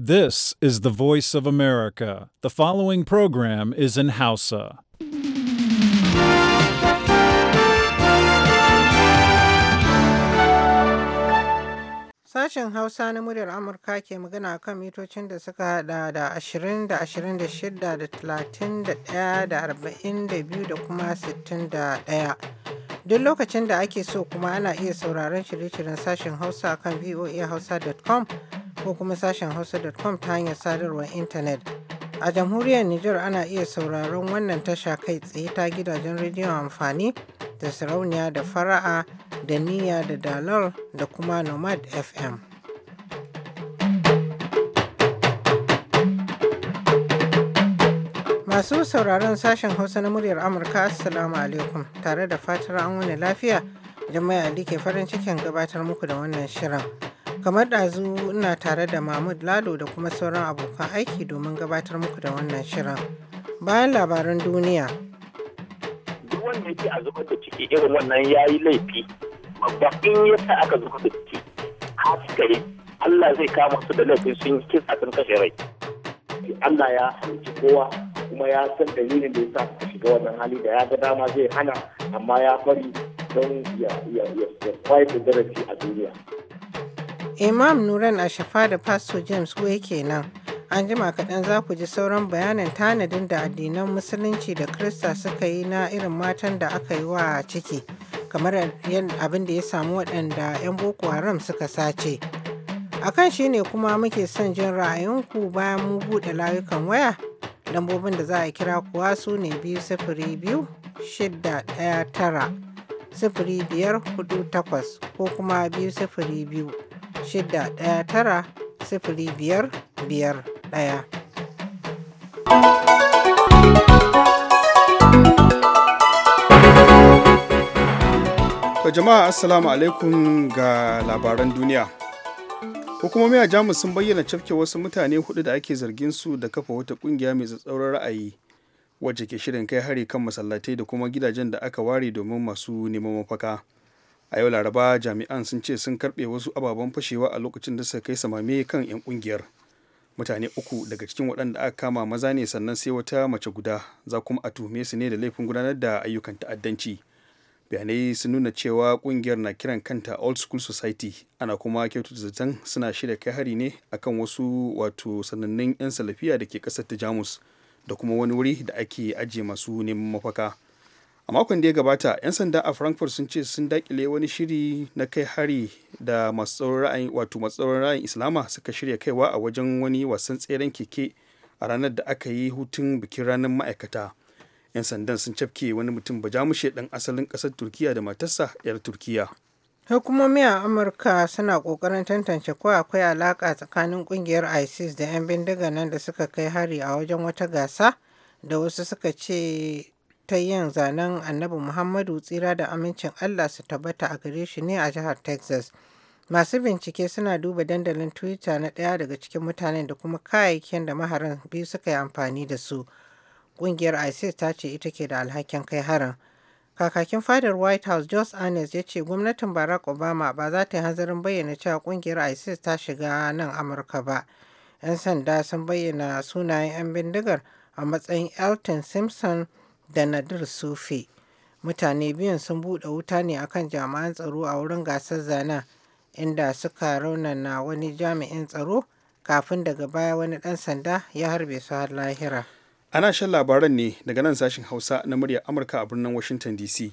This is the voice of America. The following program is in Hausa. Sashen Hausa na muryar Amurka ke magana kan mitocin da suka hada da 20 da 26 da 31 da 42 da kuma 61. Duk lokacin da ake so kuma ana iya sauraron shirye-shiryen sashen Hausa kan voahausa.com ko kuma sashen hausa.com ta hanyar sadarwar intanet. A jamhuriyar Nijar ana iya sauraron wannan tasha kai tsaye ta gidajen rediyon amfani da sarauniya da fara'a da niyya da dalol da kuma nomad FM. Masu sauraron sashen Hausa na muryar Amurka Assalamu alaikum tare da fatar an wani lafiya Jama'a da ke farin cikin gabatar muku da wannan shirin. Kamar ɗazu ina tare da Mahmud Lalo da kuma sauran abokan aiki domin gabatar muku da wannan shirin. Bayan labaran duniya. Duk wanda yake a zubar da ciki irin wannan ya yi laifi, babba in ya sa aka zubar da ciki, Allah zai kama su da laifin sun yi kisa sun kashe rai. Allah ya halici kowa kuma ya san dalilin da ya sa suka shiga wannan hali da ya ga dama zai hana amma ya bari don ya kwaye da darasi a duniya. Imam Nuran Ashafa da Pastor James Way kenan. An jima kaɗan za ku ji sauran bayanin tanadin da addinan Musulunci da Kirista suka yi na irin matan da aka yi wa ciki, kamar abin da ya samu waɗanda 'yan Boko Haram suka sace. A kan shi ne kuma muke son jin ra'ayinku bayan mu buɗe layukan waya, lambobin da za a kira kuwa su ne biyu sifiri biyu shidda ɗaya tara sifiri biyar hudu takwas ko kuma biyu sifiri biyu shida ɗaya tara sifili biyar biyar ɗaya. To jama'a assalamu alaikum ga labaran duniya. Hukumomi a Jamus sun bayyana cafke wasu mutane hudu da ake zargin su da kafa wata kungiya mai tsatsauran ra'ayi wacce ke shirin kai hari kan masallatai da kuma gidajen da aka ware domin masu neman mafaka. a yau laraba jami'an sun ce sun karɓe wasu ababen fashewa a lokacin da suka kai samame kan 'yan kungiyar mutane uku daga cikin waɗanda aka kama maza ne sannan sai wata mace guda za kuma a tuhume su ne da laifin gudanar da ayyukan ta'addanci bayanai sun nuna cewa kungiyar na kiran kanta old school society ana kuma kyautata zaton suna shirya kai hari ne akan wasu wato sanannun 'yan salafiya da ke ƙasar ta jamus da kuma wani wuri da ake ajiye masu neman mafaka a makon da ya gabata 'yan sanda a frankfurt sun ce sun dakile wani shiri na kai hari da masu tsoron ra'ayin islama suka shirya kaiwa a wajen wani wasan tseren keke a ranar da aka yi hutun bikin ranar ma'aikata 'yan sandan sun cafke wani mutum bajamushe dan asalin kasar turkiya da matarsa 'yar turkiya hukumomi a amurka suna kokarin tantance ko akwai alaka tsakanin kungiyar isis da 'yan bindiga nan da suka kai hari a wajen wata gasa da wasu suka ce ta yin zanen annabi Muhammadu tsira da amincin Allah su tabbata a gare shi ne a jihar Texas. Masu bincike suna duba dandalin Twitter na ɗaya daga cikin mutanen da kuma kayayyakin da maharan biyu suka yi amfani da su. Ƙungiyar ISIS ta ce ita ke da alhakin kai harin. Kakakin fadar White House Jos Anes ya ce gwamnatin Barack Obama ba za ta yi hanzarin bayyana cewa ƙungiyar ISIS ta shiga nan Amurka ba. 'Yan sanda sun bayyana sunayen 'yan bindigar a matsayin Elton Simpson da Nadir Sufi. Mutane biyun sun buɗe wuta ne akan jami'an tsaro a wurin gasar zana inda suka raunana wani jami'in tsaro kafin daga baya wani ɗan sanda ya harbe su har lahira. Ana shan labaran ne daga nan sashen Hausa na muryar Amurka a birnin Washington DC.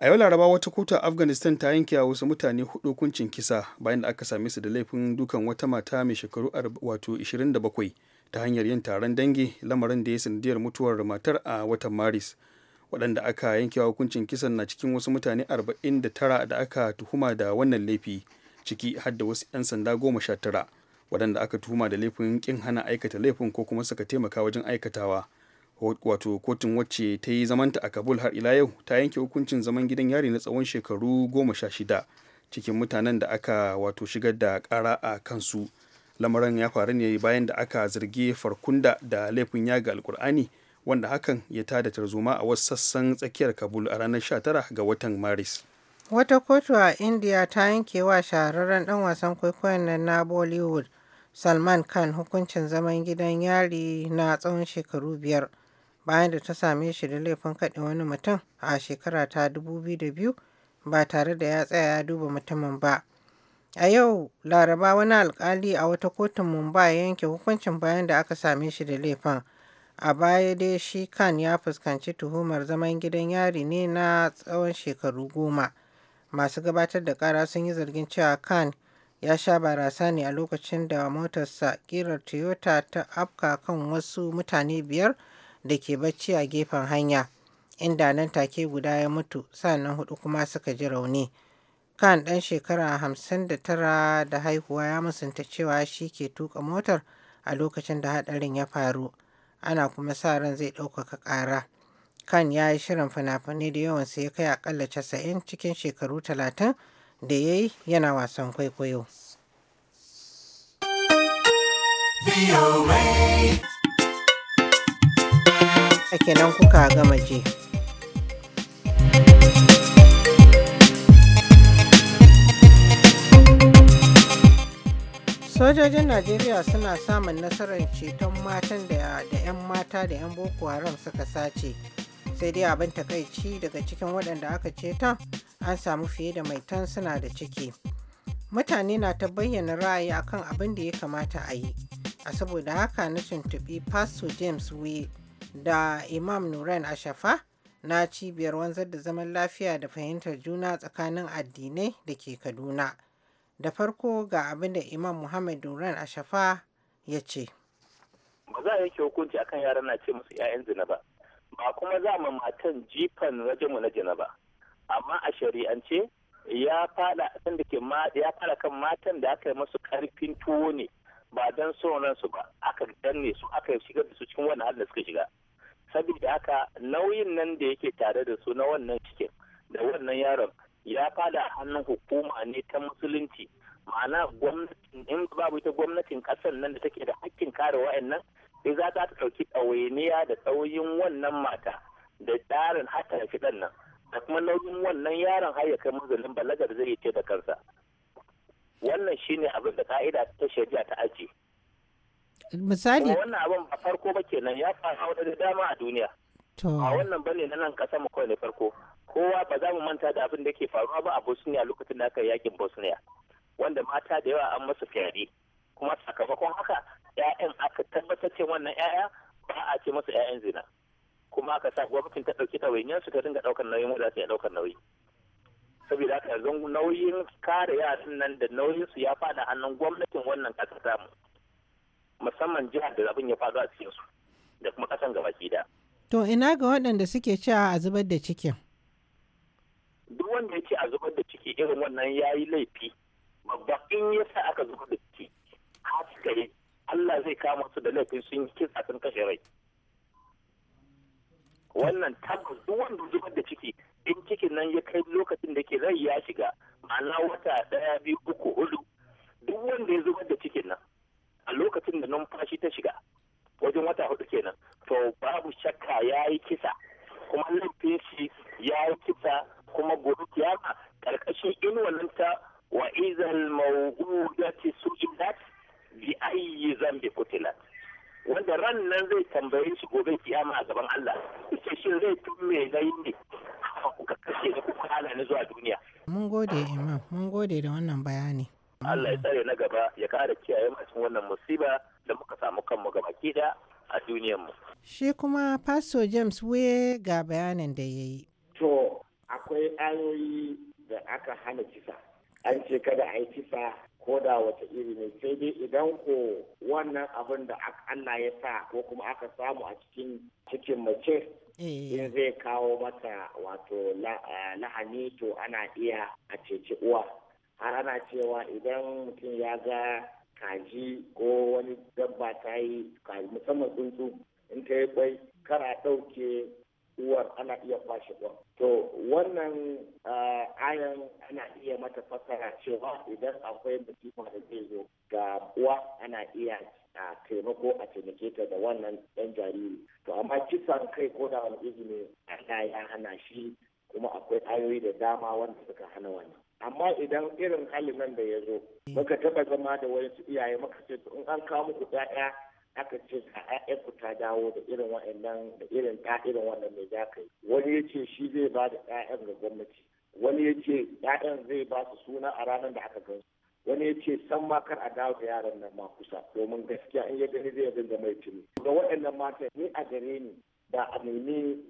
a yau laraba wata kotu a afghanistan ta yanke wa wasu mutane hudu hukuncin kisa bayan da aka same su da laifin dukan wata mata mai shekaru wato 27 ta hanyar yin taron dangi lamarin da ya sanadiyar mutuwar matar a watan maris waɗanda aka yankewa hukuncin kisan na cikin wasu mutane 49 da aka tuhuma da wannan laifi ciki har da wasu 'yan sanda goma sha tara waɗanda aka tuhuma da laifin kin hana aikata laifin ko kuma suka taimaka wajen aikatawa wato kotun wacce ta yi zamanta a kabul har ila yau ta yanke hukuncin zaman gidan yari na tsawon shekaru goma sha shida cikin mutanen da aka wato shigar da kara a kansu lamarin ya faru ne bayan da aka zargi farkunda da laifin yaga alkur'ani wanda hakan ya tada tarzoma a wasu sassan tsakiyar kabul a ranar 19 ga watan maris wata kotu a india ta yanke wa shahararren dan wasan kwaikwayon nan na bollywood salman khan hukuncin zaman gidan yari na tsawon shekaru biyar bayan da ta same shi da laifin kaɗe wani mutum a shekara ta 2002 ba tare da ya tsaya ya duba mutumin ba A yau Laraba wani alkali a wata kotun Mumbai ya yanke hukuncin bayan da aka same shi da laifin. A baya dai shi kan ya fuskanci tuhumar zaman gidan yari ne na tsawon shekaru goma. Masu gabatar da kara sun yi zargin cewa kan ya sha barasa ne a lokacin da motarsa kirar Toyota ta afka kan wasu mutane biyar da ke bacci a gefen hanya, inda nan take guda ya mutu sannan hudu kuma suka ji rauni. kan ɗan shekara hamsin da tara da haihuwa ya musanta cewa shi ke tuka motar a lokacin da haɗarin ya faru. Ana kuma sa ran zai ɗaukaka ƙara. kan ya yi shirin fina-finai da yawan yawansu ya kai akalla casa'in cikin shekaru talatin da ya yi yana wasan kwaikwayo. kenan kuka gama je. Sojojin Najeriya suna samun nasarar ceton matan da 'yan mata da 'yan Boko Haram suka sace. Sai dai abin takaici daga cikin waɗanda aka ceta an samu fiye da mai tan suna da ciki. Mutane na ta bayyana ra'ayi akan abin da ya kamata a yi. A saboda haka na tuntubi Pastor James Wee da Imam Nuran Ashafa na cibiyar wanzar da zaman lafiya da fahimtar juna tsakanin addinai da ke Kaduna. Da farko ga abin da Imam Muhammad Duran a shafa ya ce. Ba za a yanke hukunci akan yaran na ce musu 'ya'yan zina ba, ba kuma za mu matan jifan rajinmu na zina ba. Amma a shari'ance ya fada kan da ke ya fada kan matan da aka yi masu karfin tuwo ne ba don son su ba aka danne su aka shigar da su cikin wannan halin da suka shiga saboda haka nauyin nan da yake tare da su na wannan cikin da wannan yaron ya fada a hannun hukuma ne ta musulunci ma'ana gwamnatin in babu ita gwamnatin kasar nan da take da hakkin kare wa'annan sai za ta ɗauki ɗawainiya da tsawoyin wannan mata da tsarin hata da fiɗan nan da kuma nauyin wannan yaron har ya kai mazalin balagar zai ce da kansa wannan shine abin da ka'ida ta shari'a ta aji misali wannan abin ba farko ba kenan ya faru da dama a duniya a wannan bane na nan kasa mu kawai ne farko kowa ba za mu manta da abin da ke faruwa ba a bosnia lokacin da aka yakin bosnia wanda mata da yawa an masa fyaɗe kuma sakamakon haka 'ya'yan aka tabbatar ce wannan 'ya'ya ba a ce masa 'ya'yan zina kuma aka sa gwamnatin ta ɗauki ɗawainiyar su ta dinga ɗaukar nauyin mu za su iya ɗaukar nauyi saboda haka yanzu nauyin kare yaran nan da nauyin su ya fada hannun gwamnatin wannan ƙasa mu musamman jihar da abin ya faɗo a cikin su da kuma ƙasan gabaki da. to ina ga waɗanda suke cewa a zubar da cikin. duk wanda yake a zubar da ciki irin wannan ya yi laifi babba in ya sa aka zubar da ciki har yi Allah zai kama su da laifin sun yi kisa sun kashe rai wannan tabbas duk wanda zubar da ciki in cikin nan ya kai lokacin da ke rai ya shiga ma'ana wata daya biyu uku hudu duk wanda ya zubar da cikin nan a lokacin da numfashi ta shiga wajen wata hudu kenan to babu shakka ya yi kisa kuma laifin shi ya yi kisa kuma gobe kiyama karkashin inuwar ta wa izal mawudati su'idat bi ayyi zambi kutilat wanda ran nan zai tambaye shi gobe kiyama a gaban Allah sai shi zai tumme na yi ne kuka kashe da kuka hana ni zuwa duniya mun gode imam mun gode da wannan bayani Allah ya tsare na gaba ya kara kiyaye masu wannan musiba da muka samu kanmu gaba kida a duniyarmu shi kuma Pastor James Wuye ga bayanin da ya yi akwai ayoyi da aka hana kisa an ce kada a yi kisa ko da wata iri ne sai dai idan ko wannan abin da Allah ya sa ko kuma aka samu a cikin cikin mace eh. in zai kawo mata wato lahani to ana iya a ceci uwa har ana cewa idan mutum ya ga kaji ko wani dabba ta yi musamman tsuntsu in ta yi kwai kara ɗauke uwar ana iya kwashe uwar. To wannan ayan ana iya mata fasara cewa idan akwai musifa da zai zo ga uwa ana iya a taimako a taimake ta da wannan ɗan jariri. To amma kisan kai ko da wani izini ana ya hana shi kuma akwai ayoyi da dama wanda suka hana wannan. amma idan irin halin nan da ya zo muka taɓa zama da wasu iyaye muka ce in an kawo muku 'ya'ya aka ce a ƴaƴan ku ta dawo da irin wa'annan da irin ta irin wannan mai za yi wani ya ce shi zai ba da ƴaƴan ga gwamnati wani ya ce ƴaƴan zai ba su suna a ranar da aka gan wani ya ce san ma kar a dawo da yaran nan ma kusa domin gaskiya in ya gani zai da mai tuni ga waɗannan mata ni a gare ni da a nemi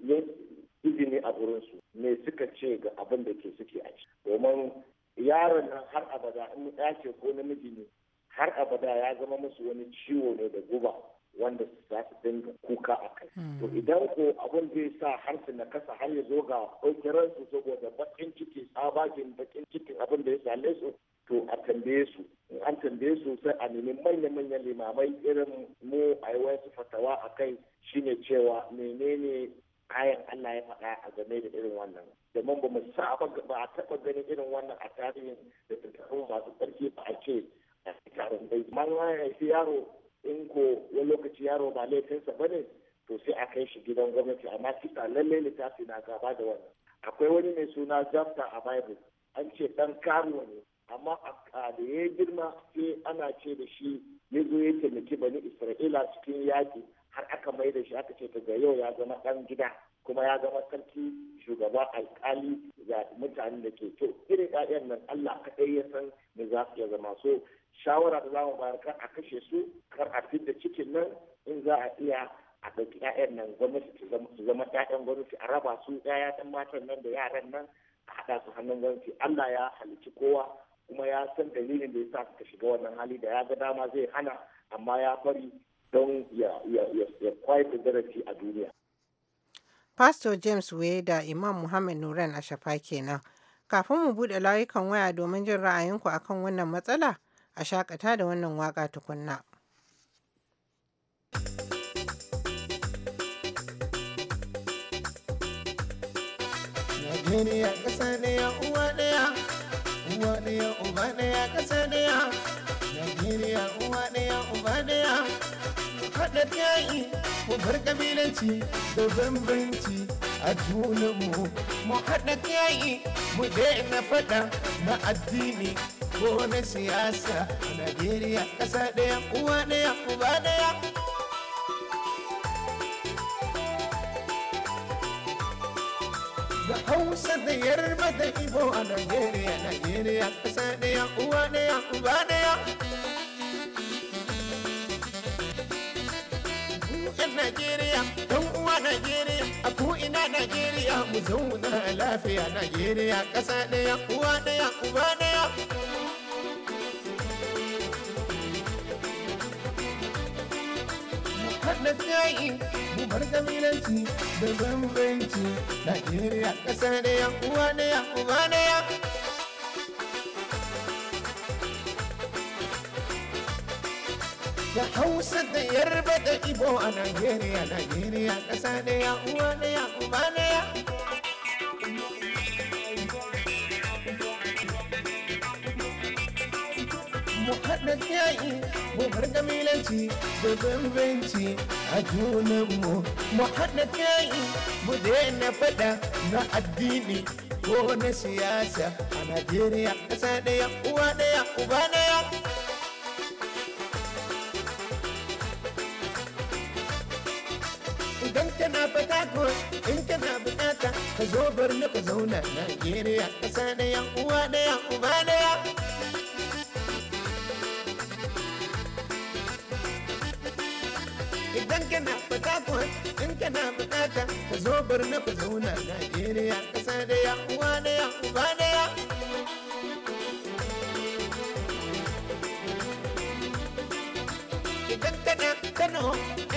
izini a su. me suka ce ga abin da ke suke a ciki domin yaron nan har abada in ya ce ko namiji ne har abada ya zama musu wani ciwo ne da guba wanda za su dinga kuka a kai. Hmm. To idan ko abin zai sa harsu na kasa har ya zo ga ɗaukiran su saboda bakin ciki sabakin bakin cikin abin da ya same su to a tambaye su. In an tambaye su sai a nemi manya-manyan limamai irin mu a yi wasu fatawa a kai shine cewa menene kayan Allah ya faɗa a game da irin wannan domin ba mu saba ba a taɓa ganin irin wannan a tarihin da tattaɓin masu ƙarfi ba a ce man haifi yaro in ko wani lokaci yaro ba laifinsa ba ne to sai a kai shi gidan gwamnati amma kisa lallai littafi na gaba da wannan akwai wani mai suna jafta a bible an ce dan karuwa ne amma a da ya girma sai ana ce da shi ya zo ya taimaki bani isra'ila cikin yaƙi har aka mai da shi aka ce daga yau ya zama ɗan gida kuma ya zama sarki shugaba alkali ga mutanen da ke to irin 'ya'yan nan allah kaɗai ya san me za su iya zama so shawara da za mu bayar kar a kashe su kar a fidda cikin nan in za a iya a ɗauki 'ya'yan nan gwamnati su zama 'ya'yan gwamnati a raba su ɗan matan nan da yaran nan a haɗa su hannun gwamnati Allah ya halicci kowa kuma ya san dalilin da ya sa suka shiga wannan hali da ya ga dama zai hana amma ya bari don ya da darasi a duniya. Pastor James da Imam Muhammad Nuran ashafa kenan. Kafin mu buɗe layukan waya domin jin ra'ayinku akan wannan matsala, A shakata da wannan waka tukunna. Najeriya ƙasa ɗaya uwa ɗaya, uwa ɗaya uba ɗaya ƙasa ɗaya. Najeriya uwa ɗaya uba ɗaya, mu haɗa yayi mu bar ƙabilanci da bambanci a junanmu. Mu haɗa yayi mu daina faɗa na addini ko na siyasa a Najeriya ƙasa ɗaya uwa ɗaya uba ɗaya. Da Hausa da Yarba da Ibo a Najeriya, Najeriya ƙasa ɗaya uwa ɗaya uba ɗaya. Najeriya, ɗan uwa Najeriya, a ko'ina Najeriya, mu zauna lafiya Najeriya, ƙasa ɗaya, uwa ɗaya, uba ɗaya. haɗa yaƙi mu bar kabilanci da bambanci Najeriya ƙasa ya uwa ɗaya uba ya? Da Hausa da Yarba da Ibo a Najeriya, Najeriya ƙasa ya uwa ɗaya uba ya? da kiyayi mu bar milanci da bambanci a junanmu mu haɗa kiyayi mu daina faɗa na addini ko na siyasa a Najeriya ƙasa ɗaya uwa ɗaya uba ɗaya. Idan kana fata ko in kana bukata ka zo bar ka zauna Najeriya ƙasa ɗaya uwa ɗaya uba ɗaya. idan kana fata in kana bukata ka zo bar na ku zauna Najeriya kasa da ya uwa da ya uba da ya idan kana Kano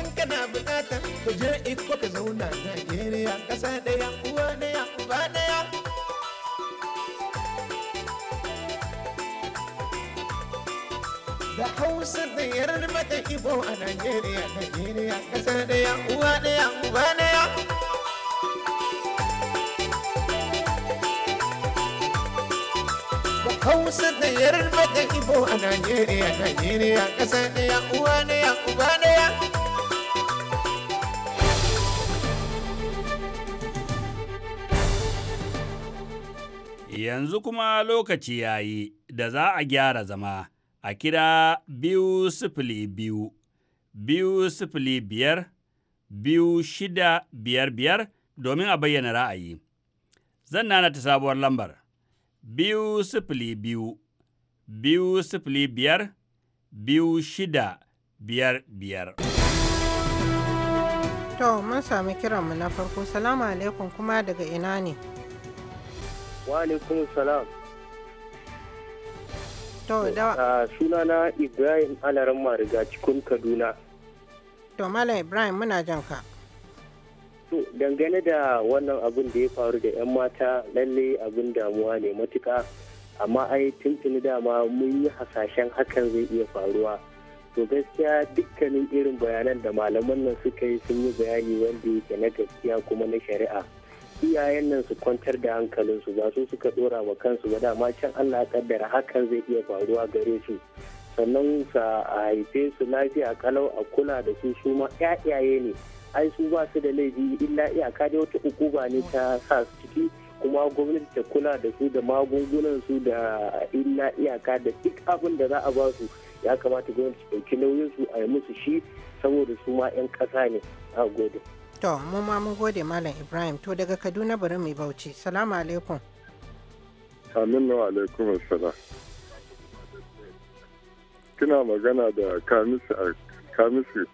in kana bukata ka je iko ka zauna Najeriya kasa da ya uwa da ya uba da ya da hausa da yarba mata ibo a najeriya najeriya kasa daya uwa daya uba daya da hausa da yarba mata ibo a najeriya najeriya kasa daya uwa daya uba daya Yanzu kuma lokaci ya yi da za a gyara zama. a kira biyu sifili biyu, biyu sifili biyar, biyu shida biyar biyar domin a bayyana ra'ayi. Zan nana ta sabuwar lambar, biyu sifili biyu, biyu sifili biyar, biyu shida biyar biyar. To, mun sami kiranmu na farko, salamu alaikum kuma daga ina ne? Wa alaikum salam. To da sunana Ibrahim Alaran Mariga cikin Kaduna. To Mala Ibrahim muna jan ka. To dangane da wannan abin da ya faru da 'yan mata lalle abin damuwa ne matuka amma ai tuntuni dama mun yi hasashen hakan zai iya faruwa. To gaskiya dukkanin irin bayanan da malaman nan suka yi sun yi bayani wanda yake na gaskiya kuma na shari'a. iyayen nan su kwantar da hankalinsu ba su suka dora wa kansu ba dama can Allah ya kaddara hakan zai iya faruwa gare su sannan sa a haife su lafiya kalau a kula da su su ma yayaye ne ai su ba su da laifi illa iyaka dai wata ukuba ne ta sa su ciki kuma gwamnati ta kula da su da magungunan su da illa iyaka da duk abin da za a ba su ya kamata gwamnati ta ɗauki nauyin su a yi musu shi saboda su ma 'yan ƙasa ne a gode. To, mu ma mun gode Malam Ibrahim. To daga Kaduna bari mu Bauchi. Salamu alaikum. Aminu wa alaikum assalam. Kina magana da Kamisu Kamisu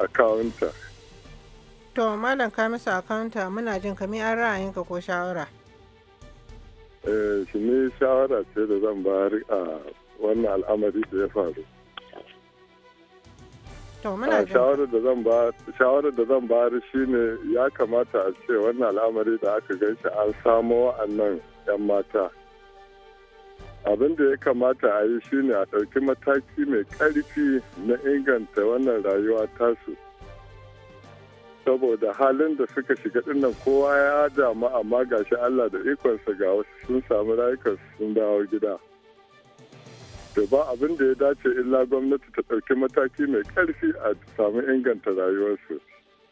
kawunta? To, Malam Kamisu kawunta, muna jin kami an ra'ayinka ko shawara? Eh, shi ne shawara ce da zan bayar a wannan al'amari da ya faru. shawarar da zan ba shawarar da zan ya kamata a ce wannan al'amari da aka shi an samo wa'annan 'yan mata abin da ya kamata a yi shine a ɗauki mataki mai ƙarfi na inganta wannan rayuwa tasu saboda halin da suka shiga dinnan kowa ya damu amma gashi allah da ikonsa ga wasu sun samu rayukansu sun dawo gida. to ba abin da ya dace illa gwamnati ta ɗauki mataki mai ƙarfi a samu inganta rayuwarsu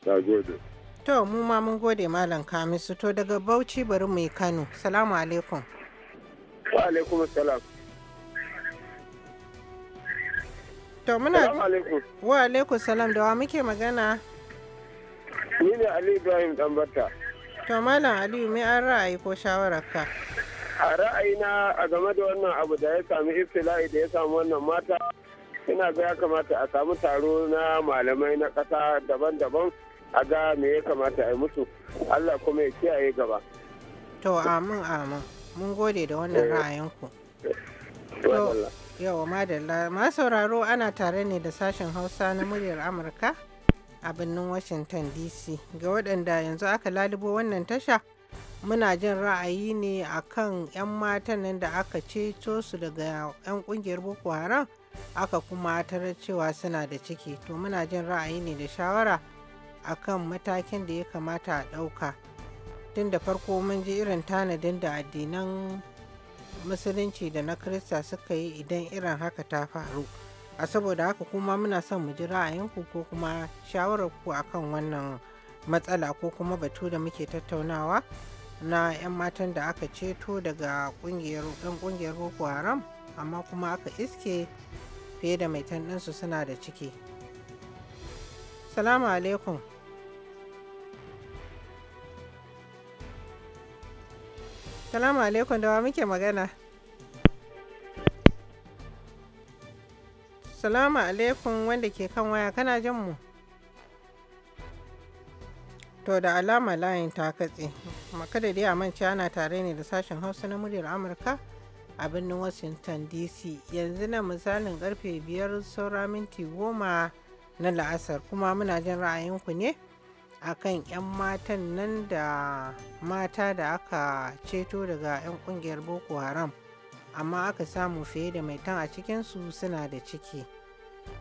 na gode to mu ma mun gode malam kamisu to daga bauchi bari mu yi kano salamu alaikum wa alaikum salam to muna wa alaikum salam da wa muke magana ni ne ali ibrahim dambata to malam aliyu mai an ra'ayi ko shawararka a ra'ayina a game da wannan abu da ya sami iftila'i da ya samu wannan mata ina ga ya kamata a samu taro na malamai na ƙasa daban-daban a ga me ya kamata a yi musu allah kuma ya kiyaye gaba to amin amin mun gode da wannan eh. ra'ayinku yau madalla ma sauraro ana tare ne da sashen hausa na muryar amurka a birnin washington dc ga waɗanda yanzu aka lalubo wannan tasha muna jin ra'ayi ne a kan 'yan matan nan da aka ceto su daga 'yan kungiyar boko haram aka kuma tarar cewa suna da ciki to muna jin ra'ayi ne da shawara a kan matakin da ya kamata a ɗauka tun da farko mun ji irin tanadin da addinan musulunci da na krista suka yi idan irin haka ta faru a saboda haka kuma muna son mu ji ra'ayinku ko kuma shawararku akan wannan matsala ko kuma batu da muke tattaunawa na 'yan matan da aka ceto daga ɗan ƙungiyar boko haram amma kuma aka iske fiye da mai ɗinsu suna da ciki salamu alaikum salamu alaikum da wa muke magana salamu alaikum wanda ke kan waya kana jin mu To da alama layin ta katse. Makada dai a manci ana tare ne da sashen Hausa na muryar Amurka a birnin Washington DC. Yanzu na misalin karfe biyar saura minti goma na la'asar kuma muna jin ra'ayinku ne akan 'yan matan nan da mata da aka ceto daga 'yan kungiyar Boko Haram amma aka samu fiye da mai tan a cikinsu suna da ciki.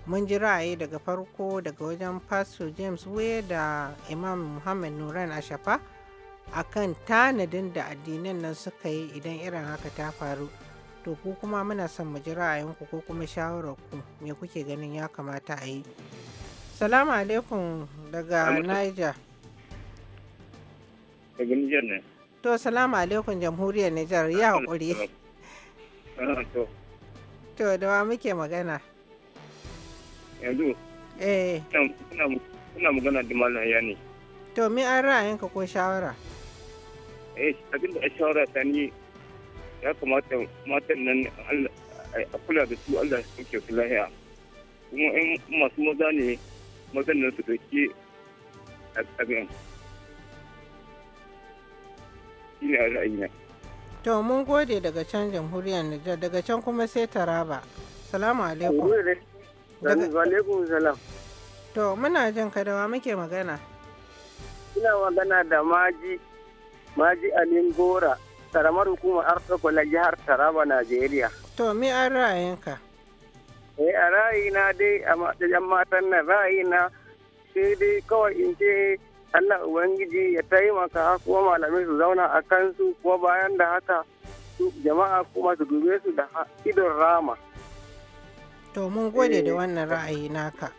mun ji ra'ayi daga farko daga wajen pastor james wey da imam muhammad nuran ashafa a kan tanadin da addinan nan suka yi idan irin haka ta faru to ku kuma muna son mu ji ra'ayinku ko kuma shawararku me kuke ganin ya kamata a yi salamu alaikum daga niger to salamu alaikum jamhuriyar niger ya haƙuri ah, to da wa muke magana yanzu eh. ina magana da malam ya ne to me an yanka ko shawara eh abin da shawara ta ni ya kamata matan nan a kula da su Allah su ke su lahiya kuma in masu maza ne mazan nan su dauki abin shi ne ra'ayina to mun gode daga can jamhuriyar Nijar daga can kuma sai Taraba salamu alaikum Alaikum salam. To muna jin ka da wa muke magana. Ina magana da Maji Maji Alin Gora, hukumar na jihar Taraba, Najeriya. To me an ra'ayinka? Eh a ra'ayina dai a matan na ra'ayina sai dai kawai in ce Allah Ubangiji ya taimaka kuma malamai su zauna a kansu kuma bayan da haka jama'a kuma su dube su da idon rama. To mun gode da wannan ra'ayi naka.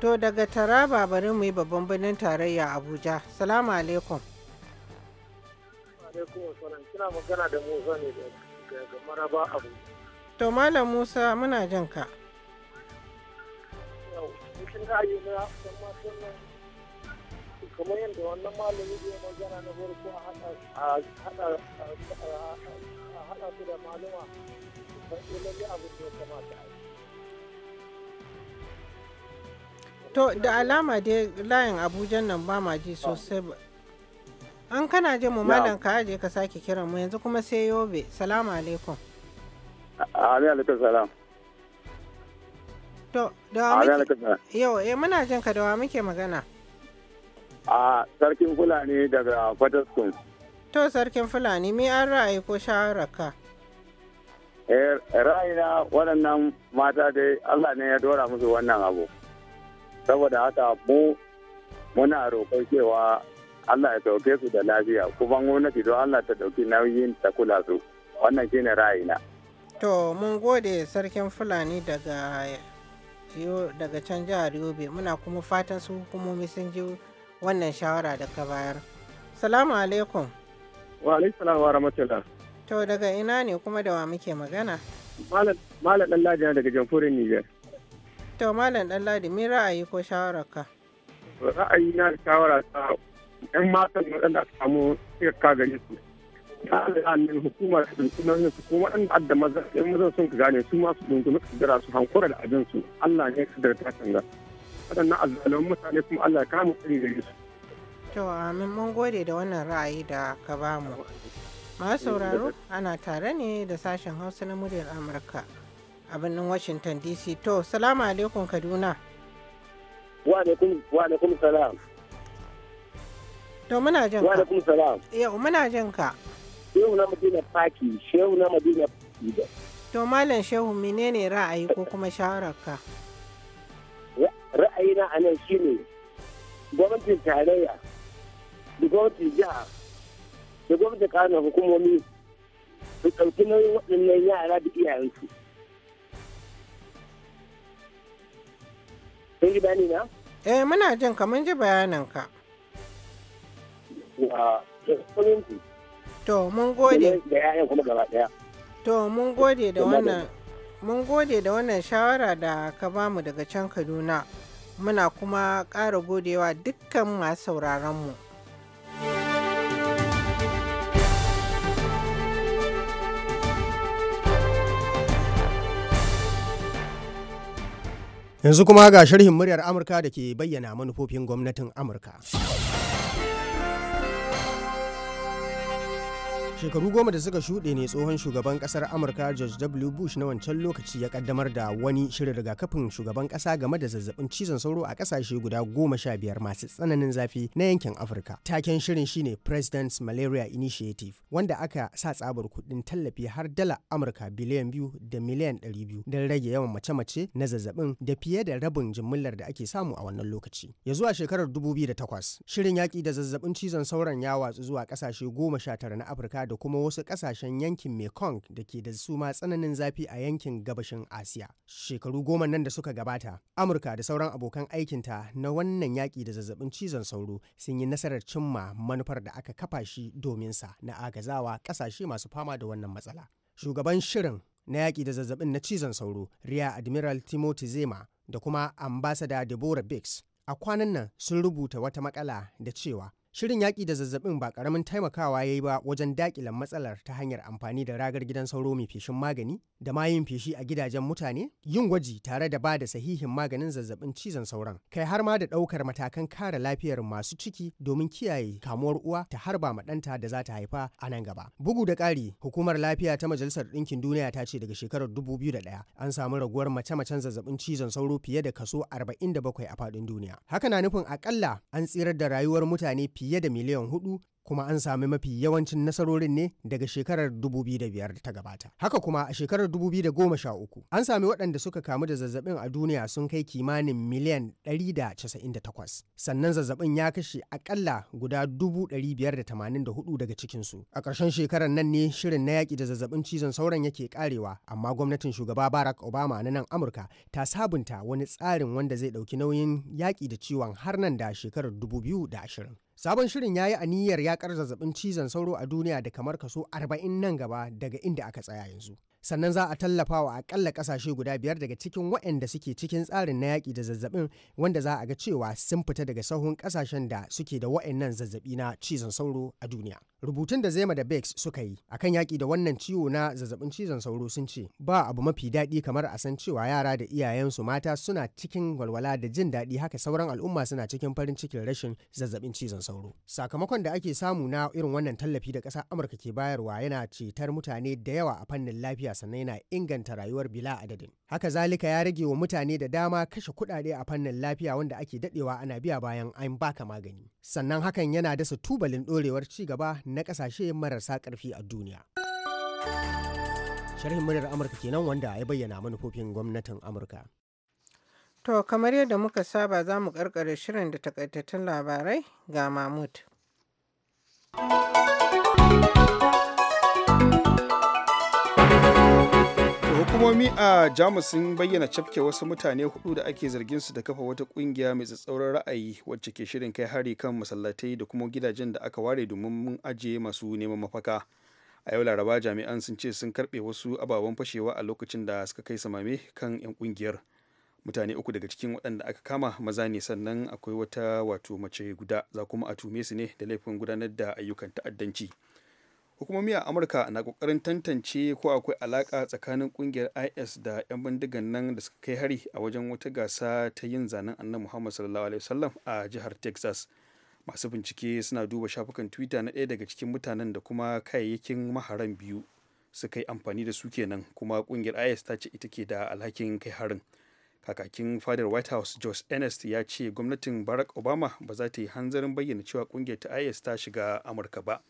To daga Taraba bari mu yi babban birnin tarayya Abuja. Salamu alaikum. Kina magana da Musa ne daga Maraba Abuja. To Malam Musa muna jin ka. Da ra'ayi na ɗan matan nan kamar yadda wannan malami zai magana na farko a haɗa su da maluma. To da alama dai layin Abuja nan ba ma ji sosai ba. An kana je mu malam ka aje ka sake kiran mu yanzu kuma sai Yobe. Salamu alaikum. Amin alaikum salam. To da wa muke yau eh muna jin ka da wa muke magana. A sarkin Fulani daga Fataskun. To sarkin Fulani me an ra'ayi ko shawararka? Eh, ra'ayina waɗannan mata dai Allah ne ya dora musu wannan abu saboda haka mu muna roƙon cewa Allah ya sauke su da lafiya kuma gwamnati don Allah ta ɗauki nauyin ta kula su wannan ne ra'ayina to mun gode sarkin fulani daga daga can jihar yobe muna kuma fatan su hukumomi sun ji wannan shawara da ka bayar salamu alaikum wa alaikum wa rahmatullah To daga ina ne kuma da wa muke magana? Malam ɗan ladi na daga jamhuriyar Nijar. To malam ɗan ladi me ra'ayi ko ka Ra'ayi na da shawara ta ‘yan matan waɗanda aka samu ka gare su. Ta alamin hukumar da dunkunan su kuma waɗanda adda maza ‘yan maza sun ka gane su masu dunkunu kaddara su hankura da abin su Allah ne kaddara ta canza. Waɗannan azzalumin mutane kuma Allah ya kama tsiri gare su. To amin mun gode da wannan ra'ayi da ka bamu. masu sauraro ana tare ne da sashen hausa na muryar amurka a birnin washington dc to salamu alaikum kaduna wa alaikum salam to muna jin ka wa alaikum salam yau muna jin ka shehu na madina faki shehu na madina faki to malam shehu menene ra'ayi ko kuma shawararka ra'ayina a nan shine gwamnatin tarayya da gwamnatin jiha da gwamnati ƙananan hukumomi su ɗauki nauyin waɗannan yara da iyayensu. Kun ji bani na? Eh muna jin ka mun ji bayanin ka. To mun gode. Da yayan kuma gaba ɗaya. To mun gode da wannan mun gode da wannan shawara da ka bamu daga can Kaduna. Muna kuma ƙara godewa dukkan masu sauraron mu. Yanzu kuma ga sharhin muryar Amurka da ke bayyana manufofin gwamnatin Amurka. shekaru goma da suka shuɗe ne tsohon shugaban ƙasar amurka george w bush na wancan lokaci ya ƙaddamar da wani shirin rigakafin shugaban ƙasa game da zazzabin cizon sauro a ƙasashe guda goma sha biyar masu tsananin zafi na yankin afirka taken shirin shine president's malaria initiative wanda aka sa tsabar kuɗin tallafi har dala amurka biliyan biyu da miliyan ɗari biyu don rage yawan mace-mace na zazzabin da fiye da rabin jimillar da ake samu a wannan lokaci ya zuwa shekarar 2008 shirin yaƙi da zazzabin cizon sauron ya watsu zuwa ƙasashe goma sha tara na afirka da kuma wasu kasashen yankin Mekong da ke da suma tsananin zafi a yankin gabashin Asiya. Shekaru goma nan da suka gabata, Amurka da sauran abokan aikinta na wannan yaƙi da zazzabin cizon sauro sun yi nasarar cimma manufar da aka kafa shi domin sa na agazawa kasashe masu fama da wannan matsala. Shugaban shirin na yaƙi da zazzabin na cizon sauro, Riya Admiral Timothy Zema da kuma ambasada Deborah Biggs a kwanan nan sun rubuta wata makala da cewa Shirin yaƙi da zazzabin ba ƙaramin taimakawa ya yi ba wajen daƙilan matsalar ta hanyar amfani da ragar gidan sauro mai feshin magani da mayin feshi a gidajen mutane, yin gwaji tare da ba da sahihin maganin zazzabin cizon sauran. kai har ma da ɗaukar matakan kare lafiyar masu ciki domin kiyaye kamuwar uwa ta harba ma ɗanta da za ta haifa a nan gaba. Bugu da ƙari, hukumar lafiya ta Majalisar Ɗinkin Duniya ta ce daga shekarar 2001 an samu raguwar mace-macen zazzabin cizon sauro fiye da kaso arba'in da bakwai a faɗin duniya. Haka na nufin aƙalla an tsirar da rayuwar mutane fiye da miliyan hudu kuma an sami mafi yawancin nasarorin ne daga shekarar 2005 ta gabata. Haka kuma a shekarar 2013 an sami waɗanda suka kamu da zazzabin a duniya sun kai kimanin miliyan 198. Sannan zazzabin ya kashe akalla guda 584 daga cikinsu. A ƙarshen shekarar nan ne shirin na yaƙi da zazzabin cizon sauran yake ƙarewa amma gwamnatin shugaba Barack Obama na nan Amurka ta sabunta wani tsarin wanda zai ɗauki nauyin yaƙi da ciwon har nan da shekarar 2020. Sabon shirin ya yi aniyar yakar zazzabin cizon sauro a duniya da kamar kaso 40 nan gaba daga inda aka tsaya yanzu. sannan za a tallafa wa akalla kasashe guda biyar daga cikin waɗanda suke cikin tsarin na yaƙi da zazzabin wanda za a ga cewa sun fita daga sahun kasashen da suke da waɗannan zazzabi na cizon sauro a duniya rubutun da zema da bex suka yi akan yaƙi da wannan ciwo na zazzabin cizon sauro sun ce ba abu mafi daɗi kamar a san cewa yara da iyayensu mata suna cikin walwala da jin daɗi haka sauran al'umma suna cikin farin cikin rashin zazzabin cizon sauro sakamakon da ake samu na irin wannan tallafi da ƙasar amurka ke bayarwa yana cetar mutane da yawa a fannin lafiya lafiya sannan yana inganta rayuwar bila adadin haka zalika ya rage wa mutane da dama kashe kuɗaɗe a fannin lafiya wanda ake daɗewa ana biya bayan an baka magani sannan hakan yana dasa tubalin ɗorewar ci gaba na ƙasashe marasa ƙarfi a duniya sharhin muryar amurka kenan wanda ya bayyana manufofin gwamnatin amurka to kamar yadda muka saba za mu karkare shirin da takaitattun labarai ga mahmud hukumomi a jamus sun bayyana cafke wasu mutane hudu da ake zargin su da kafa wata kungiya mai tsatsauran ra'ayi wacce ke shirin kai hari kan masallatai da kuma gidajen da aka ware domin mun ajiye masu neman mafaka a yau laraba jami'an sun ce sun karbe wasu ababen fashewa a lokacin da suka kai samame kan 'yan kungiyar mutane uku daga cikin waɗanda aka kama maza ne sannan akwai wata wato mace guda za kuma a tume su ne da laifin gudanar da ayyukan ta'addanci. hukumomi a amurka na kokarin tantance ko akwai alaka tsakanin kungiyar is da 'yan bindigan nan da suka kai hari a wajen wata gasa ta yin zanen annabi muhammad sallallahu alaihi wasallam a jihar texas masu bincike suna duba shafukan twitter na ɗaya daga cikin mutanen da kuma kayayyakin maharan biyu suka yi amfani da su kenan kuma kungiyar is ta ce ita ke da alhakin kai harin kakakin fadar white house george ernest ya ce gwamnatin barack obama ba za ta yi hanzarin bayyana cewa kungiyar ta is ta shiga amurka ba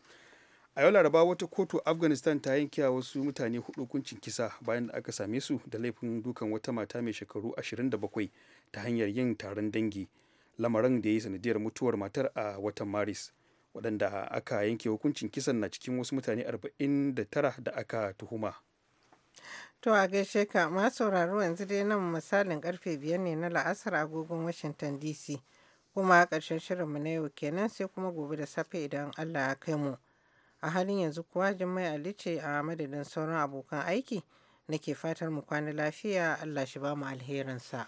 a yau laraba wata kotu afghanistan ta yanke wasu mutane hudu hukuncin kisa bayan da aka same su da laifin dukan wata mata mai shekaru 27 ta hanyar yin taron dangi lamarin da ya yi sanadiyar mutuwar matar a watan maris waɗanda aka yanke hukuncin kisan na cikin wasu mutane 49 da aka tuhuma to a gaishe ka ma sauraro yanzu dai nan misalin karfe biyar ne na la'asar agogon washington dc kuma a ƙarshen shirinmu na yau kenan sai kuma gobe da safe idan allah ya kai mu. A halin yanzu kuwa jimai Ali ce a madadin sauran abokan aiki nake fatar mu kwana lafiya Allah shi ba mu alherinsa.